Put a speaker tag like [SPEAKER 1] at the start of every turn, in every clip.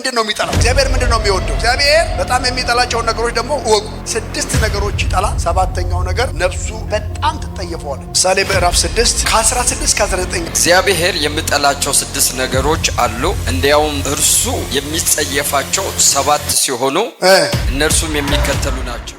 [SPEAKER 1] ምንድን ነው የሚጠላው? እግዚአብሔር ምንድን ነው የሚወደው? እግዚአብሔር በጣም የሚጠላቸውን ነገሮች ደግሞ እወቁ። ስድስት ነገሮች ይጠላ። ሰባተኛው ነገር ነፍሱ በጣም ትጠየፈዋል። ምሳሌ ምዕራፍ ስድስት ከአስራ ስድስት ከአስራ ዘጠኝ እግዚአብሔር የምጠላቸው ስድስት ነገሮች አሉ። እንዲያውም እርሱ የሚጸየፋቸው ሰባት ሲሆኑ እነርሱም የሚከተሉ ናቸው።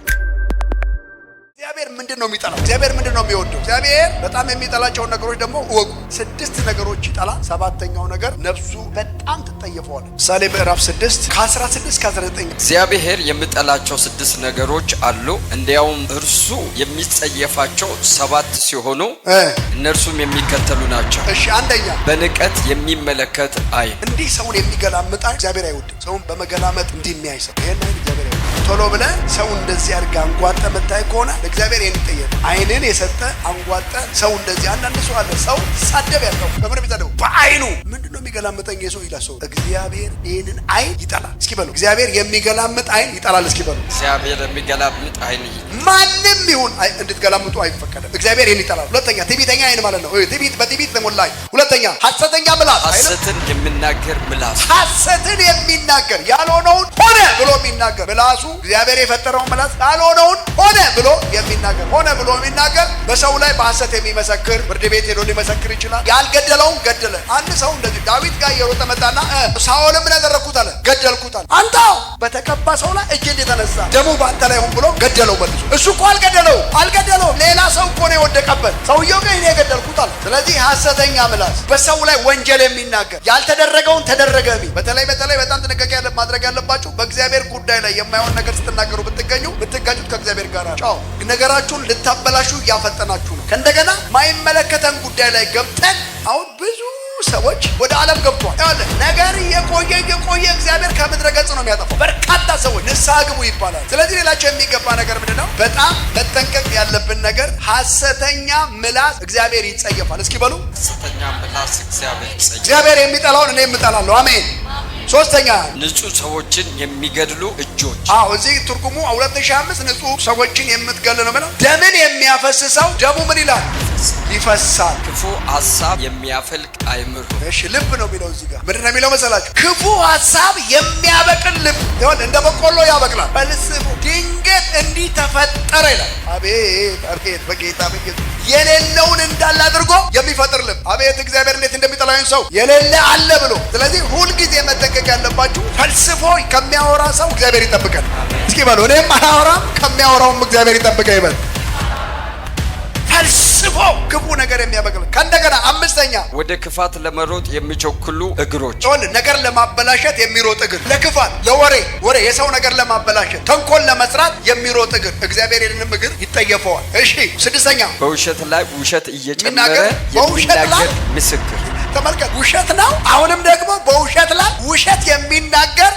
[SPEAKER 1] ምንድን ነው የሚጠላው? እግዚአብሔር ምንድን ነው የሚወደው? እግዚአብሔር በጣም የሚጠላቸውን ነገሮች ደግሞ እወቁ። ስድስት ነገሮች ይጠላል። ሰባተኛው ነገር ነፍሱ በጣም ትጠየፈዋል። ምሳሌ ምዕራፍ ስድስት ከአስራ ስድስት ከአስራ ዘጠኝ እግዚአብሔር የምጠላቸው ስድስት ነገሮች አሉ። እንዲያውም እርሱ የሚጸየፋቸው ሰባት ሲሆኑ እነርሱም የሚከተሉ ናቸው። እሺ፣ አንደኛ በንቀት የሚመለከት አይን። እንዲህ ሰውን የሚገላምጣ እግዚአብሔር አይወድም። ሰውን በመገላመጥ እንዲህ የሚያይ ሰው ይህን አይን እግዚአብሔር ቶሎ ብለ ሰው እንደዚህ አድርገ አንጓጠ መታይ ከሆነ ለእግዚአብሔር ይህን ጠየቅ። አይንን የሰጠ አንጓጠ ሰው እንደዚህ አንዳንድ ሰው አለ። ሰው ሳደብ ያለው በምንም ይጠደው በአይኑ ምንድ የሚገላምጠኝ የሰው ይላል ሰው እግዚአብሔር ይህንን አይን ይጠላል። እስኪ በሉ እግዚአብሔር የሚገላምጥ አይን ይጠላል። እስኪ በሉ
[SPEAKER 2] እግዚአብሔር የሚገላምጥ አይን
[SPEAKER 1] ማንም ይሁን እንድትገላምጡ አይፈቀደም። እግዚአብሔር ይህን ይጠላል። ሁለተኛ ትዕቢተኛ አይን ማለት ነው። ትዕቢት በትዕቢት ተሞላ አይን። ሁለተኛ ሐሰተኛ ምላስ፣
[SPEAKER 2] ሐሰትን የሚናገር ምላስ፣
[SPEAKER 1] ሐሰትን የሚናገር ያልሆነውን ሆነ ብሎ የሚናገር ምላሱ እግዚአብሔር የፈጠረውን ምላስ ያልሆነውን ሆነ ብሎ የሚናገር ሆነ ብሎ የሚናገር በሰው ላይ በሐሰት የሚመሰክር ፍርድ ቤት ሄዶ ሊመሰክር ይችላል። ያልገደለውን ገደለ። አንድ ሰው እንደዚህ ዳዊት ጋር እየሮጠ መጣና ሳኦል ምን ያደረግኩት አለ፣ ገደልኩት አለ። አንተ በተቀባ ሰው ላይ እጅ እንደተነሳ ደሙ በአንተ ላይ ሆን ብሎ ገደለው። መልሶ እሱ እኮ አልገደለው አልገደለው፣ ሌላ ሰው እኮ ነው የወደቀበት። ሰውየው ግን እኔ የገደልኩት አለ። ስለዚህ ሐሰተኛ ምላስ በሰው ላይ ወንጀል የሚናገር ያልተደረገውን ተደረገ የሚል በተለይ በተለይ በጣም ጥንቃቄ ማድረግ ያለባችሁ በእግዚአብሔር ጉዳይ ላይ የማይሆን ነገር ስትናገሩ ብትገኙ ብትጋጩት ከእግዚአብሔር ጋር ጫው ነገራችሁን ልታበላሹ እያፈጠናችሁ ነው። ከእንደገና ማይመለከተን ጉዳይ ላይ ገብተን አሁን ብዙ ሰዎች ወደ ዓለም ገብቷል። ነገር የቆየ የቆየ እግዚአብሔር ከምድረ ገጽ ነው የሚያጠፋው። በርካታ ሰዎች ንስሐ ግቡ ይባላል። ስለዚህ ሌላቸው የሚገባ ነገር ምንድን ነው? በጣም መጠንቀቅ ያለብን ነገር ሐሰተኛ ምላስ እግዚአብሔር ይጸየፋል። እስኪ በሉ
[SPEAKER 2] ሐሰተኛ ምላስ እግዚአብሔር ይጸየፋል።
[SPEAKER 1] እግዚአብሔር የሚጠላውን እኔ የምጠላለሁ። አሜን። ሶስተኛ
[SPEAKER 2] ንጹህ ሰዎችን የሚገድሉ እጆች።
[SPEAKER 1] አዎ እዚህ ትርጉሙ 2005 ንጹህ ሰዎችን የምትገል ነው ብለው ደምን የሚያፈስሰው ደሙ ምን ይላል? ነፍስ ይፈሳል፣
[SPEAKER 2] ክፉ ሀሳብ የሚያፈልቅ አይምሮ።
[SPEAKER 1] እሺ ልብ ነው የሚለው እዚህ ጋር ምንድን ነው የሚለው መሰላችሁ? ክፉ ሀሳብ የሚያበቅል ልብ ይሆን እንደ በቆሎ ያበቅላል። በልስሙ ድንገት እንዲህ ተፈጠረ ይላል። አቤት አቤት፣ በጌታ በጌታ የሌለውን እንዳለ አድርጎ የሚፈጥር ልብ። አቤት እግዚአብሔር እንዴት እንደሚጠላዩን ሰው የሌለ አለ ብሎ። ስለዚህ ሁልጊዜ መጠንቀቅ ያለባችሁ ፈልስፎ ከሚያወራ ሰው እግዚአብሔር ይጠብቀን። እስኪ በሉ እኔም አላወራም ከሚያወራውም እግዚአብሔር ይጠብቀ ይበል። ፈልስፎ ክፉ ነገር የሚያበቅል ከእንደገና አምስተኛ
[SPEAKER 2] ወደ ክፋት ለመሮጥ የሚቸኩሉ እግሮች
[SPEAKER 1] ሆን ነገር ለማበላሸት የሚሮጥ እግር ለክፋት ለወሬ ወሬ የሰው ነገር ለማበላሸት ተንኮል ለመስራት የሚሮጥ እግር እግዚአብሔር የደንም እግር ይጠየፈዋል። እሺ ስድስተኛ
[SPEAKER 2] በውሸት ላይ ውሸት እየጨመረ የሚናገር ምስክር
[SPEAKER 1] ተመልከት ውሸት ነው። አሁንም ደግሞ በውሸት ላይ ውሸት የሚናገር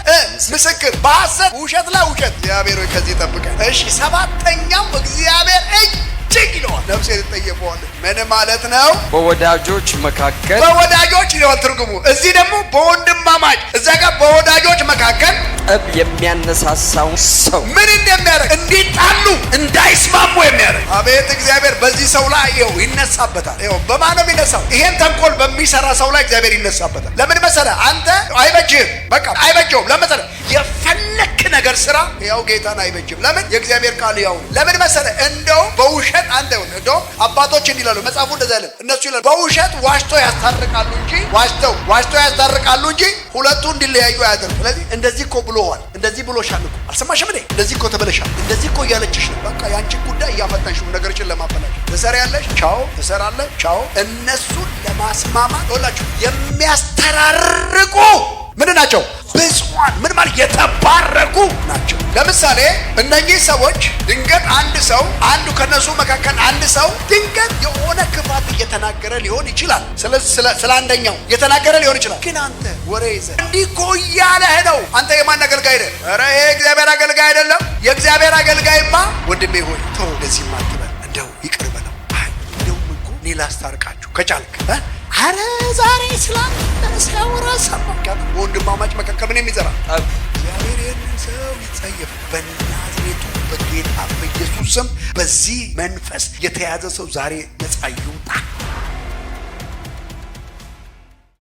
[SPEAKER 1] ምስክር፣ በሐሰት ውሸት ላይ ውሸት እግዚአብሔር ከዚህ ጠብቀ እሺ ሰባተኛው እግዚአብሔር እጅ እጅግ ይለዋል። ነፍሴ ትጠየፈዋለች። ምን ማለት ነው?
[SPEAKER 2] በወዳጆች መካከል
[SPEAKER 1] በወዳጆች ይለዋል ትርጉሙ። እዚህ ደግሞ በወንድማማች እዛ ጋር በወዳጆች መካከል
[SPEAKER 2] ጠብ የሚያነሳሳው ሰው
[SPEAKER 1] ምን እንደሚያደርግ እንዲጣሉ እንዳይስማሙ የሚያደርግ አቤት እግዚአብሔር በዚህ ሰው ላይ ይኸው ይነሳበታል። ይኸው በማን ነው የሚነሳው? ይሄን ተንኮል በሚሰራ ሰው ላይ እግዚአብሔር ይነሳበታል። ለምን መሰለህ? አንተ አይበጅህም፣ በቃ አይበጀውም። ለምን መሰለህ? ነገር ስራ ያው ጌታን አይበጅም። ለምን የእግዚአብሔር ቃል ያው ለምን መሰለ እንደው በውሸት አንተ እንደውም አባቶች እንዲላሉ መጽሐፉ እንደዛ ያለ እነሱ ይላሉ በውሸት ዋሽቶ ያስታርቃሉ እንጂ ዋሽተው ዋሽቶ ያስታርቃሉ እንጂ ሁለቱ እንዲለያዩ አያደርጉም። ስለዚህ እንደዚህ እኮ ብሎዋል፣ እንደዚህ ብሎሻል እኮ አልሰማሽም እኔ እንደዚህ እኮ ተበለሻል፣ እንደዚህ እኮ እያለችሽ ነው። በቃ ያንቺ ጉዳይ እያፈታሽ ነው። ነገርችን ለማበላሽ ያለሽ ቻው ትሰራለህ፣ ቻው እነሱን ለማስማማት ሁላችሁ የሚያስተራርቁ ምንድን ናቸው? ብፁዓን ምን ማለት የተባረኩ ናቸው። ለምሳሌ እነኚህ ሰዎች ድንገት አንድ ሰው አንዱ ከነሱ መካከል አንድ ሰው ድንገት የሆነ ክፋት እየተናገረ ሊሆን ይችላል። ስለ አንደኛው እየተናገረ ሊሆን ይችላል። ግን አንተ ወሬ ይዘህ እንዲህ እኮ እያለህ ነው። አንተ የማን አገልጋይ ነህ? ኧረ ይሄ እግዚአብሔር አገልጋይ አይደለም። የእግዚአብሔር አገልጋይማ ወንድሜ ሆይ ተው፣ እንደዚህ ማትበል፣ እንደው ይቅር በለው። አይ እንደውም እኮ እኔ ላስታርቃችሁ ከቻልክ አረ ዛሬ ስላንተ ሲያወራ ሰማሁ። በወንድማማች መካከል ምን የሚዘራ እግዚአብሔር ይህንን ሰው ይጸየፍ። በናዝሬቱ በጌታ በኢየሱስ ስም በዚህ መንፈስ የተያዘ ሰው ዛሬ ነጻ ይውጣ።